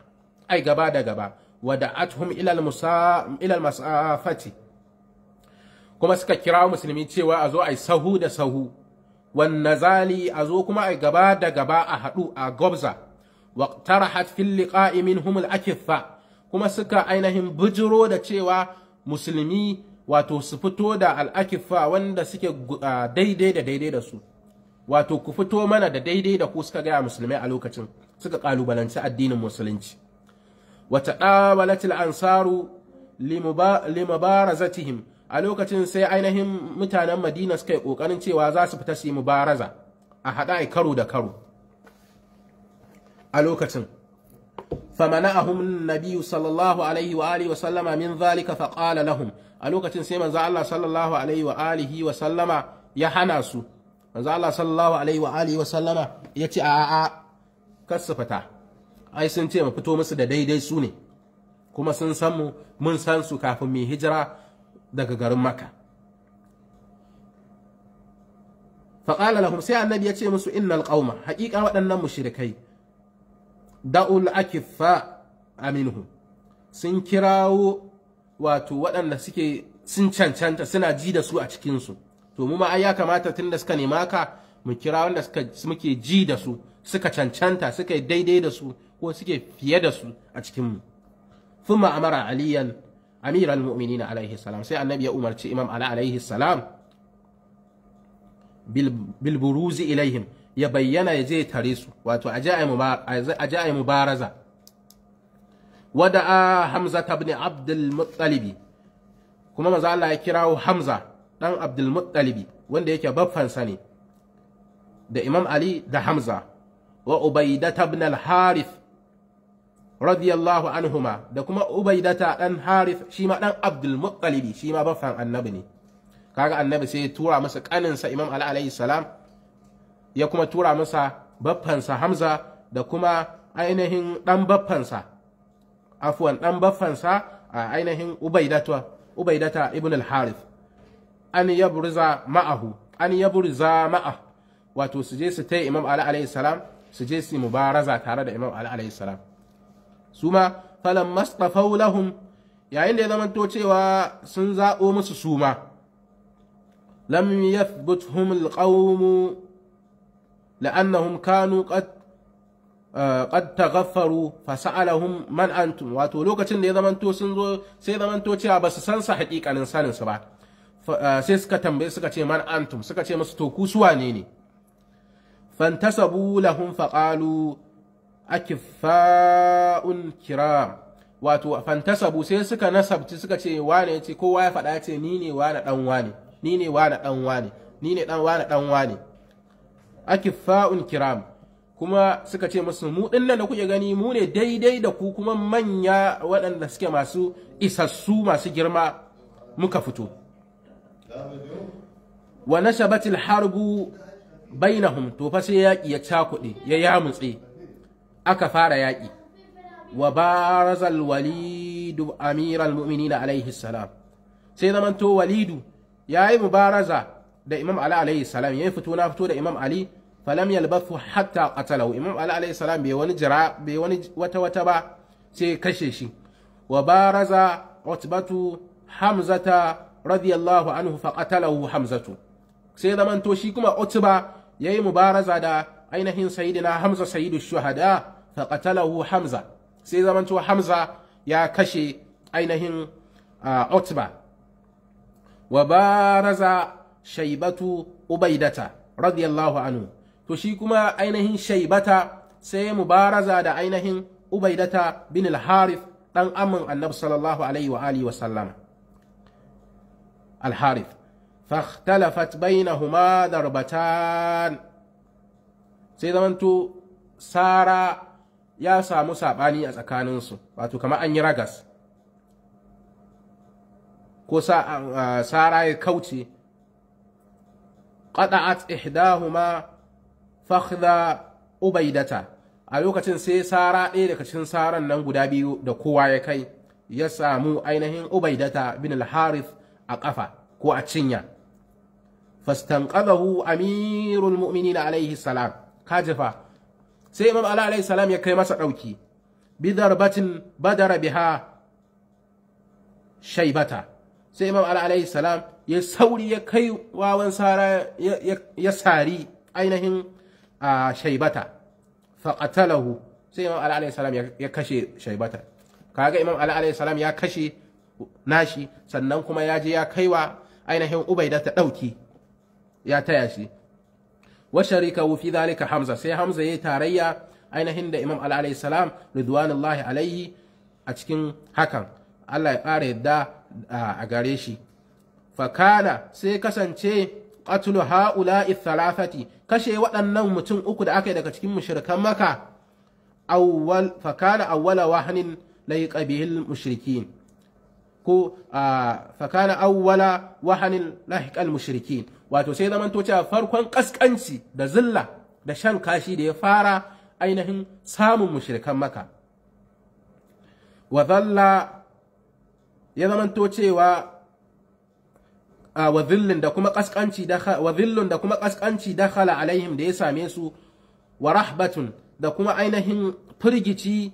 ai gaba da gaba At-hum ilal musafati kuma suka kira musulmi cewa a zo a yi sahu da sahu wanne zali a zo kuma a gaba da gaba a haɗu a gobza wa tarahat fil liqa'i minhum al kuma suka ainihin bujiro da cewa musulmi wato su fito da al wanda suke daidai da daidai da su wato ku fito mana da daidai da ku suka gaya musulmai a lokacin suka kalubalanci addinin musulunci wata tadawalat al-ansaru limubarazatihim a lokacin sai ainihin mutanen madina suka yi ƙoƙarin cewa za su fita su yi mubaraza a haɗa a karo da karo a lokacin famana'ahum nabiyu sallallahu alaihi wa alihi wa sallama min zalika faqala lahum a lokacin sai manzo Allah sallallahu alaihi wa alihi wa sallama ya hana su manzo Allah sallallahu alaihi wa alihi wa sallama ya ce a a kar su fita ai sun ce mu fito musu da daidai su ne kuma sun san mu mun san su kafin mu hijira daga garin maka faƙala lahum sai annabi ya ce musu innal qauma haƙiƙa waɗannan mushrikai da'ul akifa aminhu sun kirawo wato waɗanda suke sun cancanta suna ji da su a cikinsu to mu ma ya kamata tun da suka nema ka mu kira wanda muke ji da su suka cancanta suka daidai da su ko suke fiye da su a cikinmu thumma amara aliyan amiral mu'minina alaihi salam sai annabi ya umarci imam ala salam bil buruzi ilaihim ya bayyana ya je tare su wato a ji a yi mubaraza wada'a hamza ibn abdul muttalibi kuma maza Allah kirawo hamza ɗan abdul muttalibi wanda yake baffansa ne da imam ali da hamza wa ubaida ibn al radiyallahu anhuma da kuma ubaidata dan harith shi ma dan abdul muttalibi shi ma baffan annabi ne kaga annabi sai ya tura masa kaninsa imam ali alayhi salam ya kuma tura masa baffansa hamza da kuma ainihin dan baffansa afwan dan baffansa a ainihin ubaidata ubaidata ibn al harith an yabruza ma'ahu an yabruza ma'a wato su je su tai imam ali alayhi salam su je su mubaraza tare da imam ali alayhi salam suma falan mastafau lahum yayin da ya zamanto cewa sun zaɓo musu suma ma lam yathbuthum alqawm la'annahum kanu qad uh, qad taghaffaru fas'alahum man antum wato lokacin da ya zamanto sun zo sai zamanto cewa ba su san sa hakikanin sanin su ba uh, sai suka tambaye suka ce man antum suka ce musu to ku suwa ne ne fantasabu lahum faqalu akifa'ul kiram wato fantasabu sai suka nasabci suka ce wane ya ce kowa ya faɗa ce ni ne wane ɗan wane ni ne wane ɗan wane ni ne ɗan wane ɗan wane akifa'ul kiram kuma suka ce musu mu ɗin nan da kuke gani mu ne daidai da ku kuma manya waɗanda suke masu isassu masu girma muka fito wa nashabatil harbu bainahum to fa sai yaki ya cakuɗe ya yamutse aka fara yaƙi wa barazal walidu amiral mu'minina alaihi salam sai zamanto walidu yayi mubaraza da imam ali alaihi salam yayi fito na fito da imam ali falam yalbathu hatta qatalahu imam ali alaihi salam bai wani jira bai wani wata wata ba sai kashe shi wa baraza utbatu hamzata radiyallahu anhu fa qatalahu hamzatu sai zamanto shi kuma utba yayi mubaraza da ainihin sayyidina hamza sayyidu shuhada faqatalahu hamza sai zamanto hamza ya kashe ainihin uh, utba wa baraza shaibatu ubaidata radiyallahu anhu to shi kuma ainihin shaibata sai mubaraza da ainihin ubaidata bin al-harith dan Annab annabi sallallahu alaihi wa alihi wa sallam فاختلفت بينهما ضربتان sai zamanto sara ya samu saɓani a tsakaninsu wato kamar an yi ragas ko sara ya kauce qada'at ihdahuma fakhdha ubaidata a lokacin sai sara ɗaya daga cikin saran nan guda biyu da kowa ya kai ya samu ainihin ubaidata bin al-harith a ƙafa ko a cinya fastanqadahu amirul mu'minin alaihi salam kajifa sai imam ali alayhi salam ya kai masa ɗauki. bi darbatin badara biha shaybata sai imam ali alayhi salam ya sauri ya kai wawan sara ya sari ainihin a shaybata faqatalahu sai imam ali alayhi salam ya kashe shaibata. kaga imam ali alayhi salam ya kashe nashi sannan kuma ya je ya kaiwa ainihin ubaida ta dauki ya taya shi wa sharikahu fi dhalika hamza sai hamza yayi tarayya ainihin da imam ali salam ridwanullahi alayhi a cikin hakan Allah ya fara yadda a gare shi sai kasance qatlu haula'i thalathati kashe waɗannan mutum uku da aka yi daga cikin mushrikan maka awwal fakana awwala wahnin la yuqabihil mushrikin ko a fakana awwala wahanin lahiqal mushrikin wato sai zaman to cewa farkon kaskanci da zilla da shan kashi da ya fara ainihin samun mushrikan maka wa ya zaman to cewa wa da kuma kaskanci da wa da alaihim da ya same su wa rahbatun da kuma ainihin firgici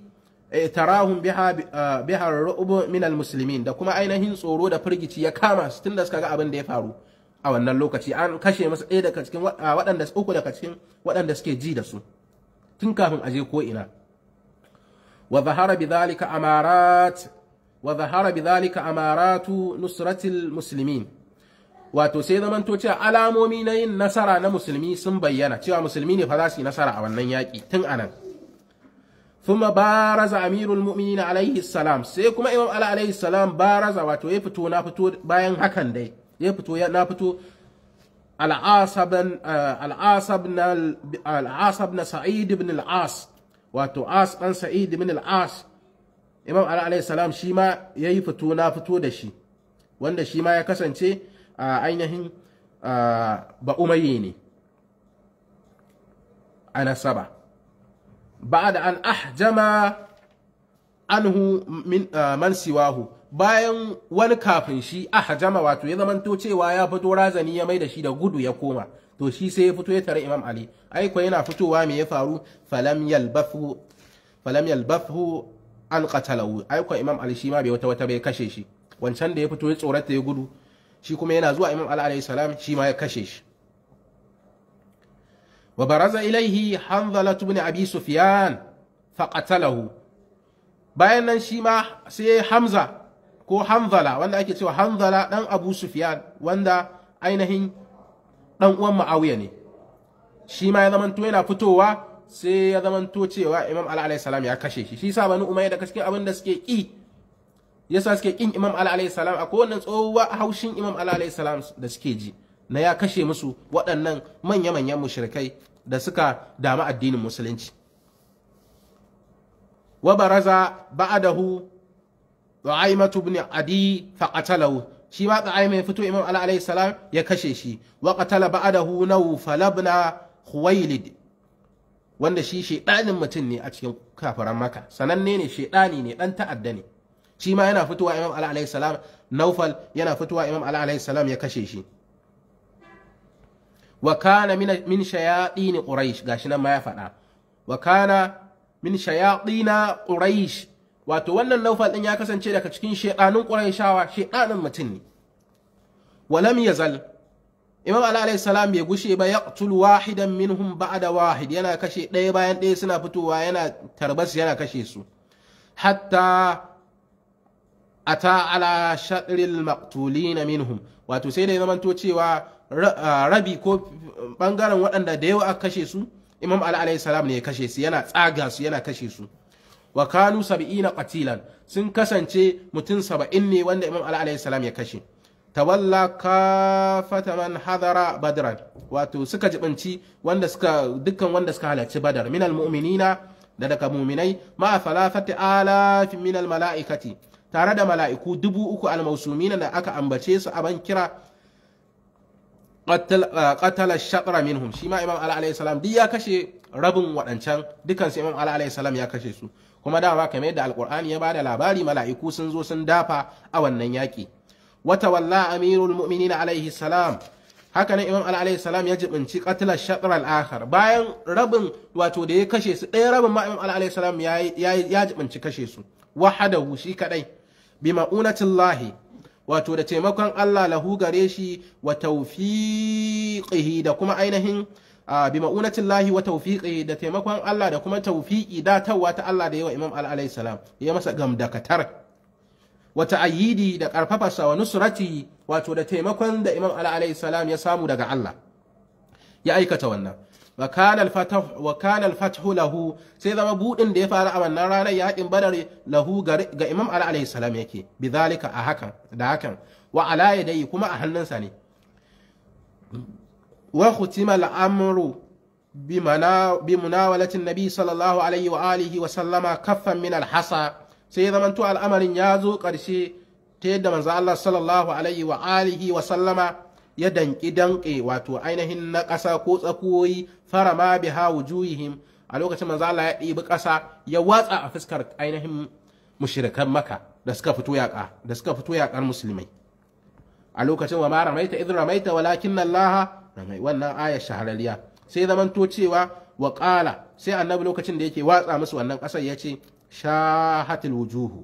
Eh, tarahun biha ah, raubu min almuslimin da kuma ainihin tsoro da firgici ya kama su tunda suka ga abin da ya faru a wannan lokaci an kashe masa ɗaya daga cikin ah, waɗanda uku daga cikin waɗanda suke ji da su tun kafin aje ko ina wa zahara bidhalika amarat wa zahara bidhalika amaratu nusratil muslimin wato sai zamantoci cewa alamomi na yin nasara na musulmi sun bayyana cewa musulmi ne fa za su yi nasara a wannan yaƙi tun anan thumma baraza amirul mu'minin sai kuma imam ali alaihi salam baraza wato ya fito na fito bayan hakan dai ya fito na fito al'asab uh, na sa'id ibn al'as wato as ɗan sa'id ibn al'as imam ali shi ma ya yi fito na fito da shi wanda shi ma ya kasance a ainihin ba ne a nasaba da an ahjama anhu min ah, man siwahu bayan wani kafin shi ahjama wato ya zamanto cewa ya fito razani ya mai da shi da gudu ya koma to shi sai ya fito ya tare imam ali ai ko yana fitowa me ya faru falam yalbathu falam yalbathu an qatalahu ai ko imam ali shi ma bai wata wata bai kashe shi wancan da ya fito ya tsorata ya gudu shi kuma yana zuwa imam ali alayhi salam shi ma ya kashe shi wa baraza ilaihi hanzala ibn abi sufyan faqatalahu bayan nan shi ma sai hamza ko hanzala wanda ake cewa hanzala dan abu sufyan wanda ainihin dan uwan ma'awiya ne shi ma ya zamanto yana fitowa sai ya zamanto cewa imam ala salam ya kashe shi shi sa bani umayya da cikin abin da suke ki yasa suke kin imam ala salam akwai wannan tsohuwa haushin imam ala salam da suke ji na ya kashe musu waɗannan manya-manyan mushrikai da suka damu addinin musulunci wa baraza ba'adahu ra'aimatu bin Adi fa shi ma Du'aima fito Imam Allah salam ya kashe shi wa qatala ba'adahu Nawfal falabna Khuwailid wanda shi shedanin mutum ne a cikin kafaran maka sananne ne shedani ne dan ta'adda ne shi ma yana fitowa Imam Allah alayhi salam Nawfal yana fitowa Imam Ali salam ya kashe shi wa kana min shayaɗini ƙuraish gashi nan ma ya faɗa wa kana min shayaɗina ƙuraish wato wannan laufal ɗin ya kasance daga cikin shaiɗanun ƙuraishawa shaiɗanin mutum ne walam yazal imam ala alayhi salam bai gushe ba yaqtul wahidan minhum ba'da wahid yana kashe ɗaya bayan ɗaya suna fitowa yana tarbas yana kashe su hatta ata ala shaɗril maktulina minhum wato sai da ya zamanto cewa rabi ko uh, bangaren waɗanda da yawa aka kashe su imam salam ne ya kashe su yana tsaga su yana kashe su wa kanu sab'ina qatilan sun kasance mutum saba'in ne wanda imam salam ya kashe tawalla kafata man hadara badran wato suka jibanci wanda suka dukkan wanda suka halarci badar min almu'minina da daga mu'minai ma ala fi min almalaikati tare da mala'iku dubu uku almausumina da aka ambace su a ban kira qatala shatra minhum shi ma imam ala alayhi salam duk ya kashe rabin waɗancan dukansu imam ala alayhi salam ya kashe su kuma ba kamar yadda alqur'ani ya bada labari mala'iku sun zo sun dafa a wannan yaki wata walla amirul mu'minin alayhi salam haka nan imam ala alayhi salam ya jibinci qatala shatra al-akhar bayan rabin wato da ya kashe su ɗaya rabin ma imam ala alayhi salam ya ya jibinci kashe su wahadahu shi kadai bi ma'unatillahi wato da taimakon Allah lahu gare shi wa tawfiqihi da kuma ainihin bi ma'unatin lahi wa da taimakon Allah da kuma tawfiqi datarwa ta Allah da yawa Imam Ali salam ya masa gamdakatar wa ta'ayyidi da karfafarsa wa nusrati wato da taimakon da Imam Ali salam ya samu daga Allah ya aikata wannan wa kana al-fathu lahu sai zama budin da ya faru a wannan ranar yaƙin badar lahu ga imam ali alayhi salam yake bidhalika a hakan da hakan wa ala yadayhi kuma a hannunsa ne wa khutima al-amru bi munawalatin nabi sallallahu alaihi wa alihi wa sallama kaffan min al-hasa sai zama to al'amarin ya zo ƙarshe ta yadda manzo Allah sallallahu wa alihi wa sallama ya danƙi danƙe wato ainihin na ƙasa ko tsakuwoyi farama biha wujuhihim a lokacin manzo Allah ya ɗibi ƙasa ya watsa a fuskar ainihin mushrikan maka da suka fito yaƙa da suka fito yaƙar musulmai a lokacin wa ma ramaita idan ramaita walakin Allah ramai wannan aya shahararriya sai zaman to cewa wa qala sai annabi lokacin da yake watsa musu wannan ƙasar ce shahatil wujuhu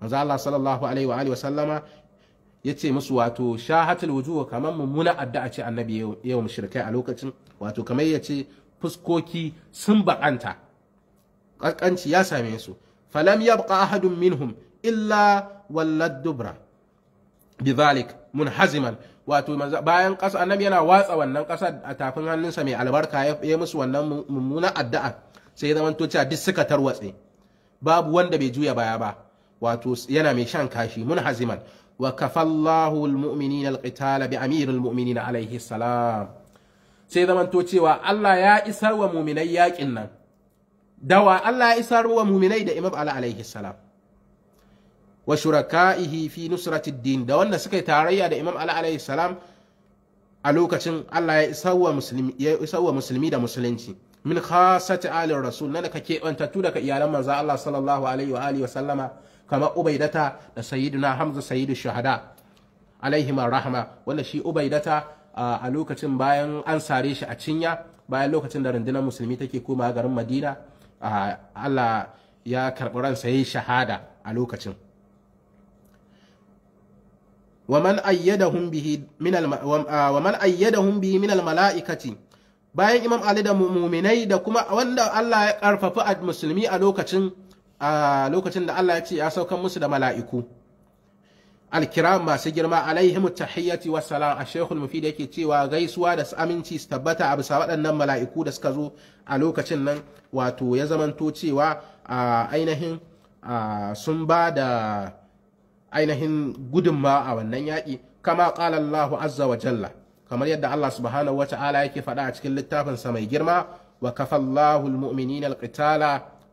manzo Allah sallallahu alaihi wa alihi wa sallama ya ce musu wato shahatul wujuh kamar mummuna addu'a ce annabi yawa mushrikai a lokacin wato kamar ya ce fuskoki sun baƙanta ƙanƙanci ya same su falam yabqa ahadun minhum illa wallad dubra bidhalik munhaziman wato bayan kasa annabi yana watsa wannan kasa a tafin hannunsa mai albarka ya musu wannan mummuna addu'a sai ya zamanto cewa duk suka tarwatse babu wanda bai juya baya ba wato yana mai shan kashi munhaziman wa kafallahu almu'minina alqitala bi amiril mu'minina alaihi salam sai zamanto cewa Allah ya isar wa mu'minai yakin nan dawa Allah ya isar wa mu'minai da Imam Ali alaihi salam wa shurakaihi fi nusrati din da wanda suka yi tarayya da Imam Ali alaihi salam a lokacin Allah ya isar wa musulmi da musulunci min khasati alir rasul nan ka kebantattu daga iyalan manzo Allah wa sallama kamar ubaidata da na hamza sayyidu Shahada, alaihim rahama wanda shi ubaidata a lokacin bayan an sare shi a cinya bayan lokacin da rundunar musulmi take koma garin madina allah ya karɓi ransa ya shahada a lokacin ومن أيدهم به من الم... bayan imam ali da muminai da kuma wanda Allah ya karfafi a musulmi a lokacin a lokacin da Allah ya ce ya saukan musu da mala'iku alkiram masu girma alaihim tahiyyati wa salam a shekul mufid yake cewa gaisuwa da aminci su tabbata a bisa waɗannan mala'iku da suka zo a lokacin nan wato ya zamanto cewa a ainihin sun ba da ainihin gudunma a wannan yaƙi kama ƙala Allahu azza wa jalla kamar yadda Allah subhanahu wa ta'ala yake faɗa a cikin littafinsa mai girma wa kafallahu almu'minina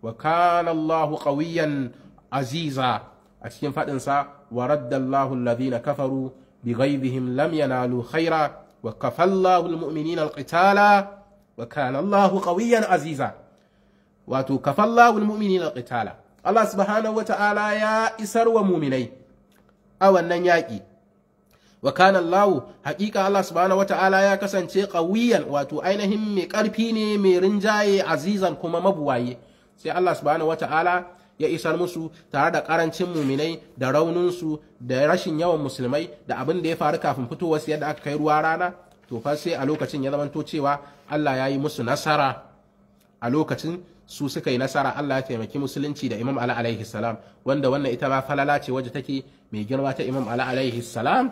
وكان الله قويا عزيزا أشين فاتنسا ورد الله الذين كفروا بغيظهم لم ينالوا خيرا وكفى الله المؤمنين القتال وكان الله قويا عزيزا وكفى الله المؤمنين القتال الله سبحانه وتعالى يا إسر ومؤمني أو النياكي وكان الله حقيقة الله سبحانه وتعالى يا كسان قويا واتو أينهم مكاربيني مرنجاي عزيزا كما مبواي sai Allah wata ala ya isar musu tare da karancin muminai da rauninsu da rashin yawan musulmai da abin da ya faru kafin fitowar yadda aka kai ruwa rana to fa sai a lokacin ya zamanto cewa Allah ya yi musu nasara a lokacin su suka yi nasara Allah ya taimaki musulunci da Imam Ali alaihi salam wanda wannan ita ma falala ce waje take mai girma ta Imam Ali alaihi salam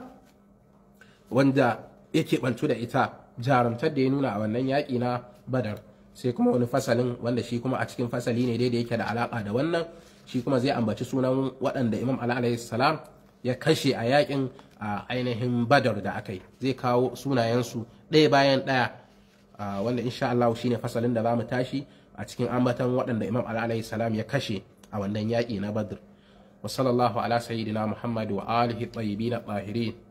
wanda yake bantu da ita jarumtar da ya nuna a wannan yaƙi na Badar sai kuma wani fasalin wanda shi kuma a cikin fasali ne dai da yake da alaka da wannan shi kuma zai ambaci sunan waɗanda imam alayhi salam ya kashe a yakin a ainihin badar da aka yi zai kawo sunayensu ɗaya bayan ɗaya wanda insha Allah shine fasalin da za mu tashi a cikin ambatan waɗanda imam ali alayhi salam ya kashe a wannan yaƙi na badr wa sallallahu ala sayyidina muhammad wa alihi tayyibin tahirin